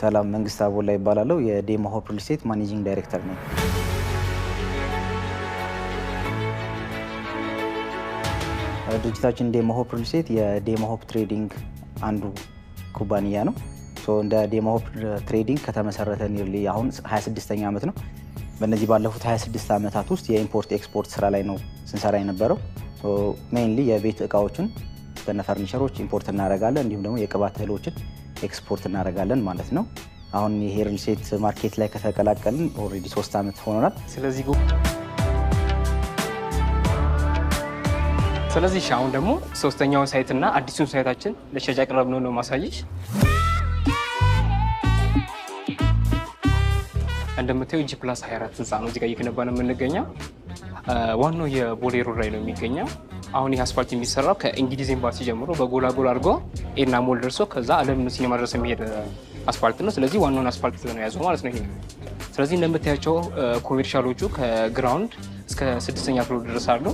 ሰላም መንግስት አቦላ ይባላለሁ። የዴማ ሆፕ ሪል ስቴት ማኔጂንግ ዳይሬክተር ነኝ። ድርጅታችን ዴማ ሆፕ ሪል ስቴት የዴማ ሆፕ ትሬዲንግ አንዱ ኩባንያ ነው። እንደ ዴማ ሆፕ ትሬዲንግ ከተመሰረተ ኒርሊ አሁን 26ኛ ዓመት ነው። በእነዚህ ባለፉት 26 ዓመታት ውስጥ የኢምፖርት ኤክስፖርት ስራ ላይ ነው ስንሰራ የነበረው። ሜይንሊ የቤት እቃዎችን በነፈርኒቸሮች ኢምፖርት እናደርጋለን። እንዲሁም ደግሞ የቅባት እህሎችን ኤክስፖርት እናደርጋለን ማለት ነው። አሁን ይሄ ሴት ማርኬት ላይ ከተቀላቀልን ኦልሬዲ ሶስት ዓመት ሆኖናል። ስለዚህ ስለዚህ አሁን ደግሞ ሶስተኛውን ሳይትና አዲሱን ሳይታችን ለሻጭ ያቀረብነው ነው ማሳየሽ። እንደምታዩ ጂ ፕላስ 24 ህንፃ ነው እዚጋ እየገነባ ነው የምንገኘው። ዋናው የቦሌ ሮድ ላይ ነው የሚገኘው። አሁን ይህ አስፋልት የሚሰራው ከእንግሊዝ ኤምባሲ ጀምሮ በጎላጎል አድርጎ ኤና ሞል ደርሶ ከዛ አለም ሲኒማ ድረስ የሚሄድ አስፋልት ነው። ስለዚህ ዋናውን አስፋልት ነው የያዘው ማለት ነው ይሄ። ስለዚህ እንደምታያቸው ኮሜርሻሎቹ ከግራውንድ እስከ ስድስተኛ ፍሎ ድረስ አሉ።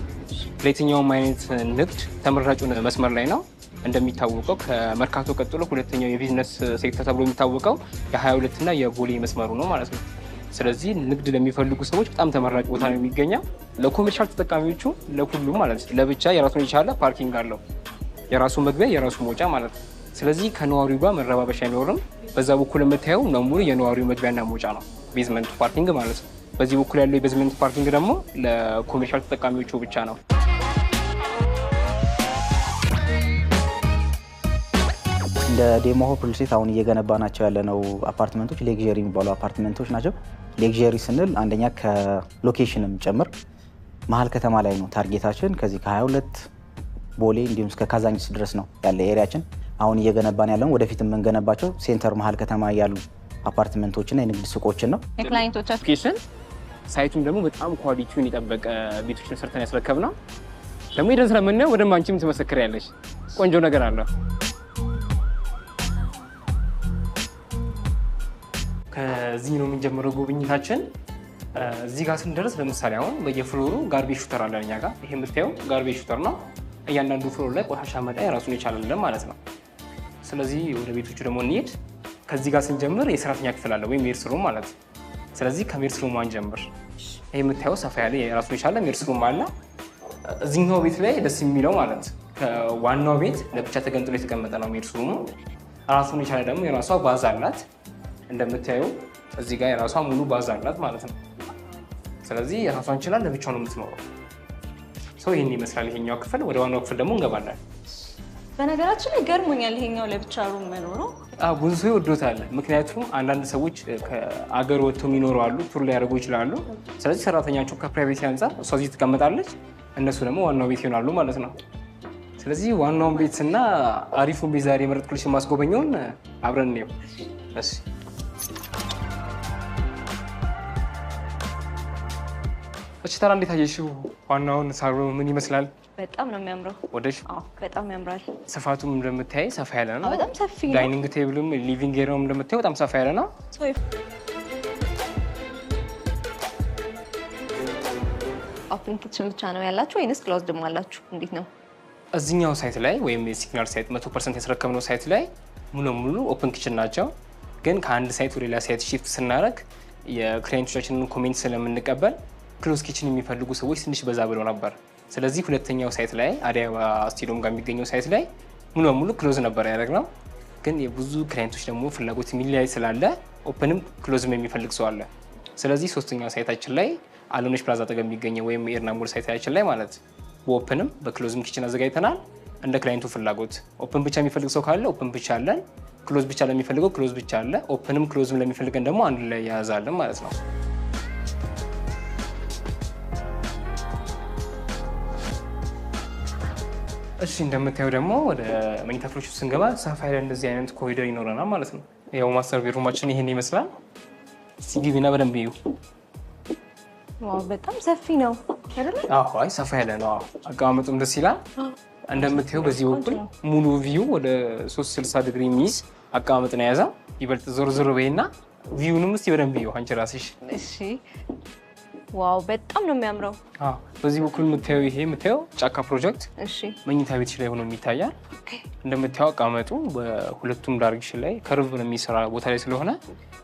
ለየትኛውም አይነት ንግድ ተመራጩ መስመር ላይ ነው። እንደሚታወቀው ከመርካቶ ቀጥሎ ሁለተኛው የቢዝነስ ሴክተር ተብሎ የሚታወቀው የ22 እና የቦሌ መስመሩ ነው ማለት ነው። ስለዚህ ንግድ ለሚፈልጉ ሰዎች በጣም ተመራጭ ቦታ ነው የሚገኘው። ለኮሜርሻል ተጠቃሚዎቹ ለሁሉም ማለት ነው። ለብቻ የራሱን የቻለ ፓርኪንግ አለው። የራሱ መግቢያ፣ የራሱ መውጫ ማለት ነው። ስለዚህ ከነዋሪው ጋር መረባበሻ አይኖርም። በዛ በኩል የምታየው ሙሉ የነዋሪው መግቢያና መውጫ ነው፣ ቤዝመንት ፓርኪንግ ማለት ነው። በዚህ በኩል ያለው የቤዝመንት ፓርኪንግ ደግሞ ለኮሜርሻል ተጠቃሚዎቹ ብቻ ነው። እንደ ዴሞሆፕ ሪልስቴት አሁን እየገነባ ናቸው ያለነው አፓርትመንቶች ሌግዥሪ የሚባሉ አፓርትመንቶች ናቸው። ሌክዠሪ ስንል አንደኛ ከሎኬሽንም ጭምር መሀል ከተማ ላይ ነው ታርጌታችን። ከዚህ ከ22 ቦሌ እንዲሁም እስከ ካዛንቺስ ድረስ ነው ያለ ኤሪያችን። አሁን እየገነባን ያለው ወደፊት የምንገነባቸው ሴንተር መሀል ከተማ ያሉ አፓርትመንቶችና የንግድ ሱቆችን ነው። የክላይንቶቻችን ሳይቱም ደግሞ በጣም ኳሊቲውን የጠበቀ ቤቶችን ሰርተን ያስረከብ ነው። ደግሞ ሄደን ስለምናየው ወደ ትመሰክር ያለች ቆንጆ ነገር አለው። ከዚህ ነው የምንጀምረው ጉብኝታችን። እዚህ ጋር ስንደርስ ለምሳሌ አሁን በየፍሎሩ ጋርቤ ሹተር አለን እኛ ጋር። ይሄ የምታየው ጋርቤ ሹተር ነው። እያንዳንዱ ፍሎር ላይ ቆሻሻ መጣ የራሱን የቻላለን ማለት ነው። ስለዚህ ወደ ቤቶቹ ደግሞ እንሄድ። ከዚህ ጋር ስንጀምር የሰራተኛ ክፍል አለ ወይም ሜርስ ሩም ማለት። ስለዚህ ከሜርስ ማን ጀምር። ይሄ የምታየው ሰፋ ያለ የራሱን የቻለ ሜርስ አለ። እዚህኛው ቤት ላይ ደስ የሚለው ማለት ከዋናው ቤት ለብቻ ተገንጥሎ የተቀመጠ ነው ሜርስ ራሱን የቻለ ደግሞ የራሷ ባዝ አላት። እንደምታየው እዚህ ጋር የራሷ ሙሉ ባዛ አላት ማለት ነው። ስለዚህ የራሷን ችላ ለብቻ ነው የምትኖረው። ሰው ይህን ይመስላል ይሄኛው ክፍል። ወደ ዋናው ክፍል ደግሞ እንገባለን። በነገራችን ላይ ገርሞኛል ይሄኛው ለብቻ ሩም መኖሩ። ብዙ ሰው ይወዶታል። ምክንያቱም አንዳንድ ሰዎች ከአገር ወጥቶ የሚኖሩ አሉ፣ ቱር ሊያደርጉ ይችላሉ። ስለዚህ ሰራተኛቸው ከፕራይቬሲ አንጻር እሷ እዚህ ትቀመጣለች፣ እነሱ ደግሞ ዋናው ቤት ይሆናሉ ማለት ነው። ስለዚህ ዋናውን ቤትና አሪፉን ቤት ዛሬ የመረጥኩልሽ የማስጎበኘውን አብረን እንየው። እሺ እቺ ተራ እንዴት አየሽው? ዋናውን ሳሩ ምን ይመስላል? በጣም ነው የሚያምረው። ወደሽ? አዎ በጣም ያምራል። ስፋቱም እንደምታይ ሰፋ ያለ ነው። በጣም ሰፊ ነው። ዳይኒንግ ቴብልም ሊቪንግ ኤሪያውም እንደምታይ በጣም ሰፋ ያለ ነው። ኦፕን ኪችን ብቻ ነው ያላችሁ ወይንስ ክሎዝድም አላችሁ? እንዴት ነው? እዚኛው ሳይት ላይ ወይም የሲግናል ሳይት 100% ያስረከብነው ሳይት ላይ ሙሉ ሙሉ ኦፕን ኪችን ናቸው። ግን ከአንድ ሳይት ወደ ሌላ ሳይት ሺፍት ስናደርግ የክላይንቶቻችንን ኮሜንት ስለምንቀበል ክሎዝ ኪችን የሚፈልጉ ሰዎች ትንሽ በዛ ብለው ነበር። ስለዚህ ሁለተኛው ሳይት ላይ አዲያባ ስቴዲየም ጋር የሚገኘው ሳይት ላይ ሙሉ በሙሉ ክሎዝ ነበር ያደረግነው። ግን የብዙ ክላይንቶች ደግሞ ፍላጎት የሚለያይ ስላለ ኦፕንም ክሎዝም የሚፈልግ ሰው አለ። ስለዚህ ሶስተኛው ሳይታችን ላይ አለኖች ፕላዛ አጠገብ የሚገኘው ወይም የኤርና ሞል ሳይታችን ላይ ማለት በኦፕንም በክሎዝም ኪችን አዘጋጅተናል። እንደ ክላይንቱ ፍላጎት ኦፕን ብቻ የሚፈልግ ሰው ካለ ኦፕን ብቻ አለን። ክሎዝ ብቻ ለሚፈልገው ክሎዝ ብቻ አለ። ኦፕንም ክሎዝም ለሚፈልገን ደግሞ አንድ ላይ ያያዛለን ማለት ነው። እሺ እንደምታየው ደግሞ ወደ መኝታ ክፍሎች ስንገባ ሰፋ ያለ እንደዚህ አይነት ኮሪደር ይኖረናል ማለት ነው። ያው ማስተር ቤድሩማችን ይሄን ይመስላል። እስኪ በደንብ ይዩ። በጣም ሰፊ ነው አይደለ? አይ ሰፋ ያለ ነው። አቀማመጡም ደስ ይላል። እንደምታየው በዚህ በኩል ሙሉ ቪዩ ወደ 360 ዲግሪ የሚይዝ ነው የያዘ ይበልጥ ዞር ዞር በይና ቪዩንም እስኪ በደንብ ይዩ አንቺ ራስሽ። እሺ ዋው በጣም ነው የሚያምረው። በዚህ በኩል የምታየው ይሄ የምታየው ጫካ ፕሮጀክት መኝታ ቤትሽ ላይ ሆኖ የሚታያል። እንደምታየው አቃመጡ በሁለቱም ዳይሬክሽን ላይ ከርቭ ነው የሚሰራ ቦታ ላይ ስለሆነ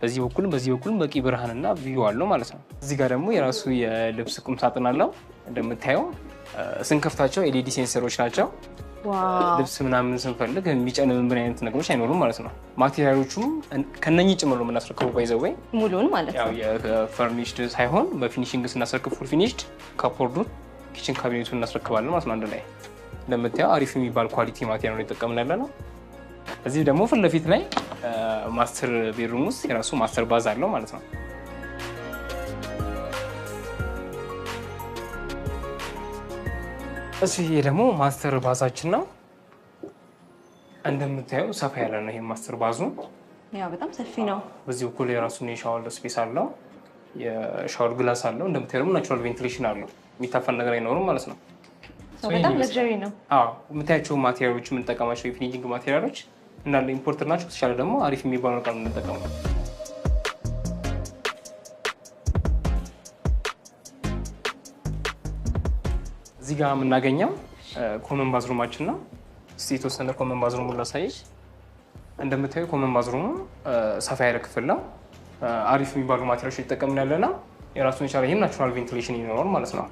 በዚህ በኩል በዚህ በኩል በቂ ብርሃንና ቪዩ አለው ማለት ነው። እዚህ ጋር ደግሞ የራሱ የልብስ ቁም ሳጥን አለው። እንደምታየው ስንከፍታቸው ኤልኢዲ ሴንሰሮች ናቸው። ልብስ ምናምን ስንፈልግ የሚጨን ምን አይነት ነገሮች አይኖሩም ማለት ነው። ማቴሪያሎቹም ከነኚህ ጭምር ነው የምናስረክቡ። ባይዘዌ ሙሉን ማለት ነው የፈርኒሽድ ሳይሆን በፊኒሽንግ ስናስረክብ ፉል ፊኒሽድ ካፖርዱን፣ ኪችን ካቢኔቱን እናስረክባለን ማለት ነው። አንድ ላይ እንደምታየው አሪፍ የሚባል ኳሊቲ ማቴሪያል ነው የጠቀምን ያለ ነው። እዚህ ደግሞ ፊት ለፊት ላይ ማስተር ቤድሩም ውስጥ የራሱ ማስተር ባዝ አለው ማለት ነው። እሺ ይሄ ደግሞ ማስተር ባዛችን ነው። እንደምታየው ሰፋ ያለ ነው። ይሄ ማስተር ባዙ ያው በጣም ሰፊ ነው። በዚህ በኩል የራሱን የሻወር ስፔስ አለው፣ የሻወል ግላስ አለው። እንደምታየው ደግሞ ናቹራል ቬንቲሌሽን አለው። የሚታፈን ነገር አይኖርም ማለት ነው። በጣም ለግሪ ነው። የምታያቸው ማቴሪያሎች፣ የምንጠቀማቸው የፊኒሽንግ ማቴሪያሎች እንዳለ ኢምፖርተር ናቸው። ተሻለ ደግሞ አሪፍ የሚባለው ቃል የምንጠቀመው እዚህ ጋር የምናገኘው ኮመን ባዝሩማችን ነው። እስኪ የተወሰነ ኮመን ባዝሩሙን ላሳይ። እንደምታዩ ኮመን ባዝሩሙ ሰፋ ያለ ክፍል ነው። አሪፍ የሚባሉ ማቴሪያሎች ሊጠቀምን ያለና የራሱን የቻለ ይህም ናቹራል ቬንቲሌሽን ይኖረዋል ማለት ነው።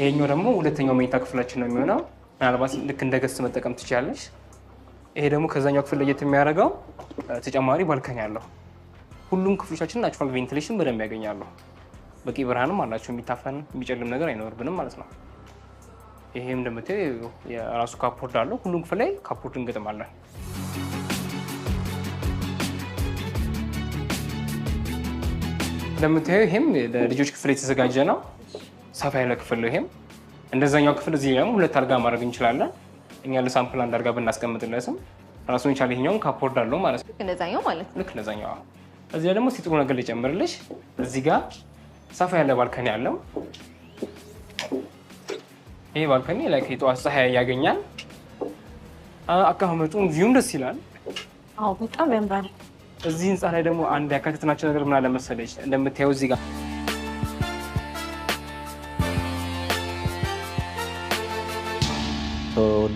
ይሄኛው ደግሞ ሁለተኛው መኝታ ክፍላችን ነው የሚሆነው። ምናልባት ልክ እንደ ገስት መጠቀም ትችላለች። ይሄ ደግሞ ከዛኛው ክፍል ለየት የሚያደርገው ተጨማሪ ባልከን አለው። ሁሉም ክፍሎቻችን ናቹራል ቬንቲሌሽን በደንብ ያገኛሉ። በቂ ብርሃንም አላቸው። የሚታፈን የሚጨልም ነገር አይኖርብንም ማለት ነው። ይሄም እንደምታየው የራሱ ካፖርድ አለው። ሁሉም ክፍል ላይ ካፖርድ እንገጥማለን። እንደምታየው ይሄም ለልጆች ክፍል የተዘጋጀ ነው። ሰፋ ያለ ክፍል ነው። ይሄም እንደዛኛው ክፍል እዚህ ደግሞ ሁለት አልጋ ማድረግ እንችላለን። እኛ ለሳምፕል አንድ አልጋ ብናስቀምጥለትም ራሱን ቻለ ይሄኛውም ካፖርድ አለው ማለት ነው። ልክ እንደዛኛው ማለት ልክ እንደዛኛው እዚህ ደግሞ ሲጥሩ ነገር ልጨምርልሽ። እዚህ ጋር ሰፋ ያለ ባልከኒ አለው። ይሄ ባልከኒ ላይክ የጠዋት ፀሐይ ያገኛል። አቀማመጡ ቪዩም ደስ ይላል። አዎ በጣም ያምራል። እዚህ ህንፃ ላይ ደግሞ አንድ ያካተትናቸው ነገር ምን አለ መሰለሽ፣ እንደምታየው እዚህ ጋር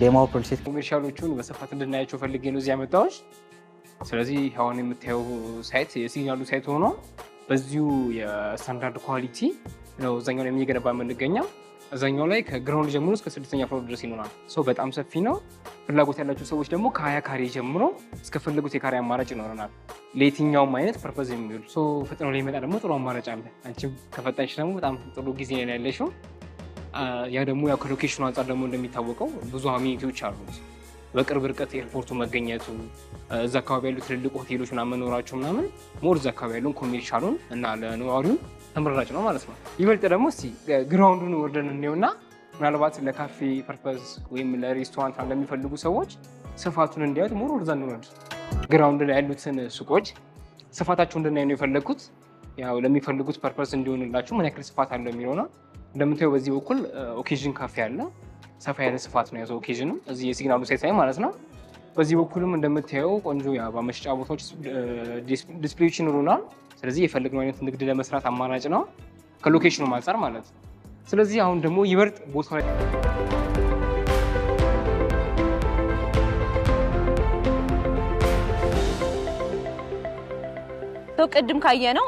ዴማው ፕሮሴስ ኮሜርሻሎቹን በስፋት እንድናያቸው ፈልጌ ነው እዚህ ያመጣሁሽ። ስለዚህ አሁን የምታየው ሳይት የሲግናሉ ሳይት ሆኖ በዚሁ የስታንዳርድ ኳሊቲ ነው እዛኛው ላይ የሚገነባ የምንገኘው። እዛኛው ላይ ከግራውንድ ጀምሮ እስከ ስድስተኛ ፍሎር ድረስ ይኖራል። ሰው በጣም ሰፊ ነው። ፍላጎት ያላቸው ሰዎች ደግሞ ከሀያ ካሬ ጀምሮ እስከ ፈለጉት የካሬ አማራጭ ይኖረናል። ለየትኛውም አይነት ፐርፐዝ የሚውል ሰው ፈጥኖ ላይ ይመጣ ደግሞ ጥሩ አማራጭ አለ። አንቺም ከፈጠንሽ ደግሞ በጣም ጥሩ ጊዜ ላይ ያለሽው ያ ደግሞ ያው ከሎኬሽኑ አንጻር ደግሞ እንደሚታወቀው ብዙ አሚኒቲዎች አሉት። በቅርብ ርቀት ኤርፖርቱ መገኘቱ እዛ አካባቢ ያሉ ትልልቅ ሆቴሎች ምናምን መኖራቸው ምናምን ሞር እዛ አካባቢ ያሉን ኮሜርሻሉን እና ለነዋሪው ተመራጭ ነው ማለት ነው። ይበልጥ ደግሞ እስቲ ግራውንዱን ወርደን እንየውና ምናልባት ለካፌ ፐርፐዝ ወይም ለሬስቶራንት ለሚፈልጉ ሰዎች ስፋቱን እንዲያዩት ሞር ወርዛ እንውረድ። ግራውንድ ላይ ያሉትን ሱቆች ስፋታቸው እንድናይ ነው የፈለግኩት። ያው ለሚፈልጉት ፐርፐዝ እንዲሆንላችሁ ምን ያክል ስፋት አለው የሚለው ነው። እንደምታየው በዚህ በኩል ኦኬዥን ካፌ አለ። ሰፋ ያለ ስፋት ነው ያዘው ኬዥንም እዚህ የሲግናሉ ሳይት ላይ ማለት ነው። በዚህ በኩልም እንደምታየው ቆንጆ የአበባ መሸጫ ቦታዎች ዲስፕሌዎች ይኖሩናል። ስለዚህ የፈለግነው አይነት ንግድ ለመስራት አማራጭ ነው ከሎኬሽኑ አንጻር ማለት ነው። ስለዚህ አሁን ደግሞ ይበርጥ ቦታ ላይ ቅድም ካየ ነው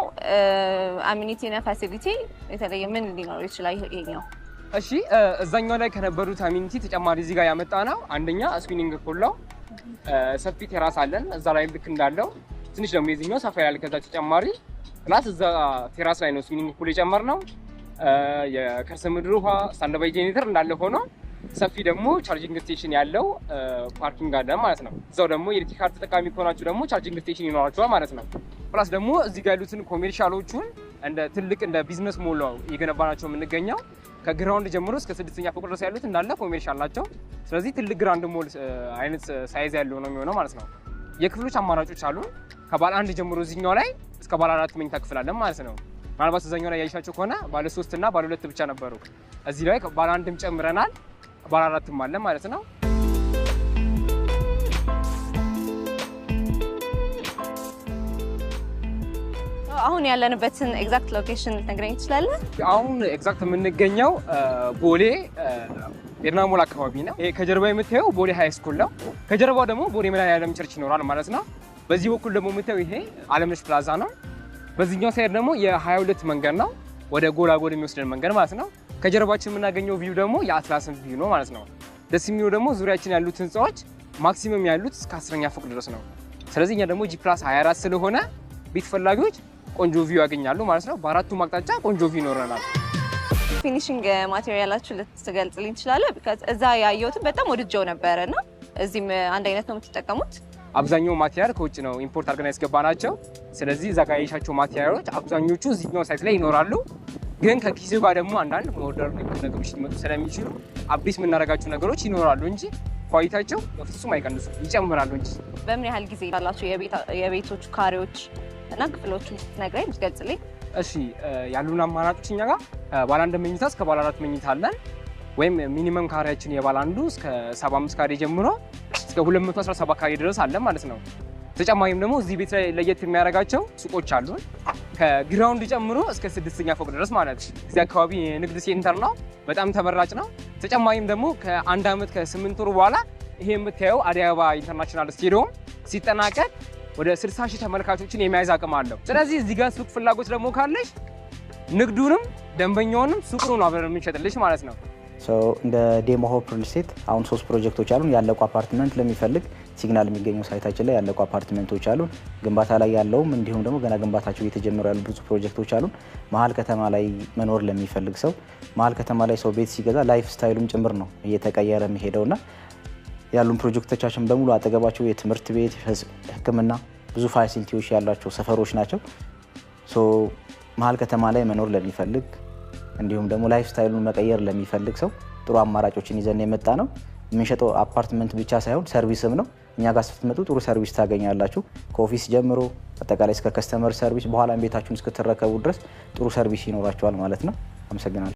አሚኒቲ እና ፋሲሊቲ የተለየ ምን ሊኖረው ይችላል ይሄኛው እሺ እዛኛው ላይ ከነበሩት አሚኒቲ ተጨማሪ እዚህ ጋር ያመጣ ነው። አንደኛ ስዊሚንግ ፑል ሰፊ ቴራስ አለን። እዛ ላይ ልክ እንዳለው ትንሽ ደግሞ የዚህኛው ሰፋ ያለ ከዛ ተጨማሪ ፕላስ እዛ ቴራስ ላይ ነው ስዊሚንግ ፑል የጨመር ነው። የከርሰ ምድር ውሃ ስታንድባይ ጄኔሬተር እንዳለ ሆኖ ሰፊ ደግሞ ቻርጂንግ ስቴሽን ያለው ፓርኪንግ አለ ማለት ነው። እዛው ደግሞ የኤሌክትሪክ ካር ተጠቃሚ ከሆናችሁ ደግሞ ቻርጂንግ ስቴሽን ይኖራችኋል ማለት ነው። ፕላስ ደግሞ እዚህ ጋር ያሉትን ኮሜርሻሎቹን እንደ ትልቅ እንደ ቢዝነስ ሞል ነው እየገነባናቸው የምንገኘው። ከግራውንድ ጀምሮ እስከ ስድስተኛ ፎቅ ድረስ ያሉት እንዳለ ኮሜርሻል ናቸው። ስለዚህ ትልቅ ግራንድ ሞል አይነት ሳይዝ ያለው ነው የሚሆነው ማለት ነው። የክፍሎች አማራጮች አሉ። ከባለ አንድ ጀምሮ እዚህኛው ላይ እስከ ባለ አራት መኝታ ክፍል አለን ማለት ነው። ምናልባት እዛኛው ላይ ያይሻቸው ከሆነ ባለ ሶስት እና ባለ ሁለት ብቻ ነበሩ። እዚህ ላይ ባለ አንድም ጨምረናል፣ ባለ አራትም አለን ማለት ነው። አሁን ያለንበትን ኤግዛክት ሎኬሽን ልትነግረኝ ትችላለህ? አሁን ኤግዛክት የምንገኘው ቦሌ ኤድና ሞል አካባቢ ነው። ይሄ ከጀርባ የምታየው ቦሌ ሀይ ስኩል ነው። ከጀርባው ደግሞ ቦሌ መድኃኔዓለም ቸርች ይኖራል ማለት ነው። በዚህ በኩል ደግሞ የምታየው ይሄ አለምነሽ ፕላዛ ነው። በዚህኛው ሳይድ ደግሞ የ22 መንገድ ነው፣ ወደ ጎላጎል የሚወስደን መንገድ ማለት ነው። ከጀርባችን የምናገኘው ቪዩ ደግሞ የአትላስን ቪዩ ነው ማለት ነው። ደስ የሚለው ደግሞ ዙሪያችን ያሉት ህንፃዎች ማክሲመም ያሉት እስከ አስረኛ ፎቅ ድረስ ነው። ስለዚህ እኛ ደግሞ ጂ ፕላስ 24 ስለሆነ ቤት ፈላጊዎች ቆንጆ ቪው ያገኛሉ ማለት ነው። በአራቱም አቅጣጫ ቆንጆ ቪው ይኖረናል። ፊኒሽንግ ማቴሪያላችሁ ልትገልጽልኝ ትችላለህ? እዛ ያየሁትን በጣም ወድጀው ነበረ እና እዚህም አንድ አይነት ነው የምትጠቀሙት? አብዛኛው ማቴሪያል ከውጭ ነው ኢምፖርት አድርገን ያስገባ ናቸው። ስለዚህ እዛ ጋር ማቴሪያሎች አብዛኞቹ እዚህኛው ሳይት ላይ ይኖራሉ። ግን ከጊዜው ጋር ደግሞ አንዳንድ ሞደርን ነገሮች ሊመጡ ስለሚችሉ አዲስ የምናደርጋቸው ነገሮች ይኖራሉ እንጂ ኳሊቲያቸው በፍጹም አይቀንሱም፣ ይጨምራሉ እንጂ። በምን ያህል ጊዜ ላላቸው የቤቶቹ ካሬዎች እና ክፍሎቹን ስትነግረኝ ብትገልጽልኝ። እሺ፣ ያሉን አማራጮች እኛ ጋር ባለ አንድ መኝታ እስከ ባለ አራት መኝታ አለን። ወይም ሚኒመም ካሬያችን የባለ አንዱ እስከ 75 ካሬ ጀምሮ እስከ 217 ካሬ ድረስ አለ ማለት ነው። ተጨማሪም ደግሞ እዚህ ቤት ላይ ለየት የሚያደርጋቸው ሱቆች አሉን ከግራውንድ ጨምሮ እስከ ስድስተኛ ፎቅ ድረስ ማለት እዚህ አካባቢ የንግድ ሴንተር ነው፣ በጣም ተመራጭ ነው። ተጨማሪም ደግሞ ከአንድ ዓመት ከስምንት ወር በኋላ ይሄ የምታየው አዲስ አበባ ኢንተርናሽናል ስቴዲየም ሲጠናቀቅ ወደ 60 ሺህ ተመልካቾችን የመያዝ አቅም አለው። ስለዚህ እዚህ ጋር ሱቅ ፍላጎት ደግሞ ካለሽ ንግዱንም ደንበኛውንም ሱቁን አብረን የምንሸጥልሽ ማለት ነው። እንደ ዴሞ ሆፕ ሪል ስቴት አሁን ሶስት ፕሮጀክቶች አሉን። ያለቁ አፓርትመንት ለሚፈልግ ሲግናል የሚገኘው ሳይታችን ላይ ያለቁ አፓርትመንቶች አሉን። ግንባታ ላይ ያለውም እንዲሁም ደግሞ ገና ግንባታቸው እየተጀመሩ ያሉ ብዙ ፕሮጀክቶች አሉን። መሀል ከተማ ላይ መኖር ለሚፈልግ ሰው መሀል ከተማ ላይ ሰው ቤት ሲገዛ ላይፍ ስታይሉም ጭምር ነው እየተቀየረ የሚሄደውና ያሉን ፕሮጀክቶቻችን በሙሉ አጠገባቸው የትምህርት ቤት፣ ሕክምና ብዙ ፋሲሊቲዎች ያሏቸው ሰፈሮች ናቸው። መሀል ከተማ ላይ መኖር ለሚፈልግ እንዲሁም ደግሞ ላይፍ ስታይሉን መቀየር ለሚፈልግ ሰው ጥሩ አማራጮችን ይዘን የመጣ ነው። የምንሸጠው አፓርትመንት ብቻ ሳይሆን ሰርቪስም ነው። እኛ ጋር ስትመጡ ጥሩ ሰርቪስ ታገኛላችሁ። ከኦፊስ ጀምሮ አጠቃላይ እስከ ከስተመር ሰርቪስ፣ በኋላም ቤታችሁን እስክትረከቡ ድረስ ጥሩ ሰርቪስ ይኖራችኋል ማለት ነው። አመሰግናለሁ።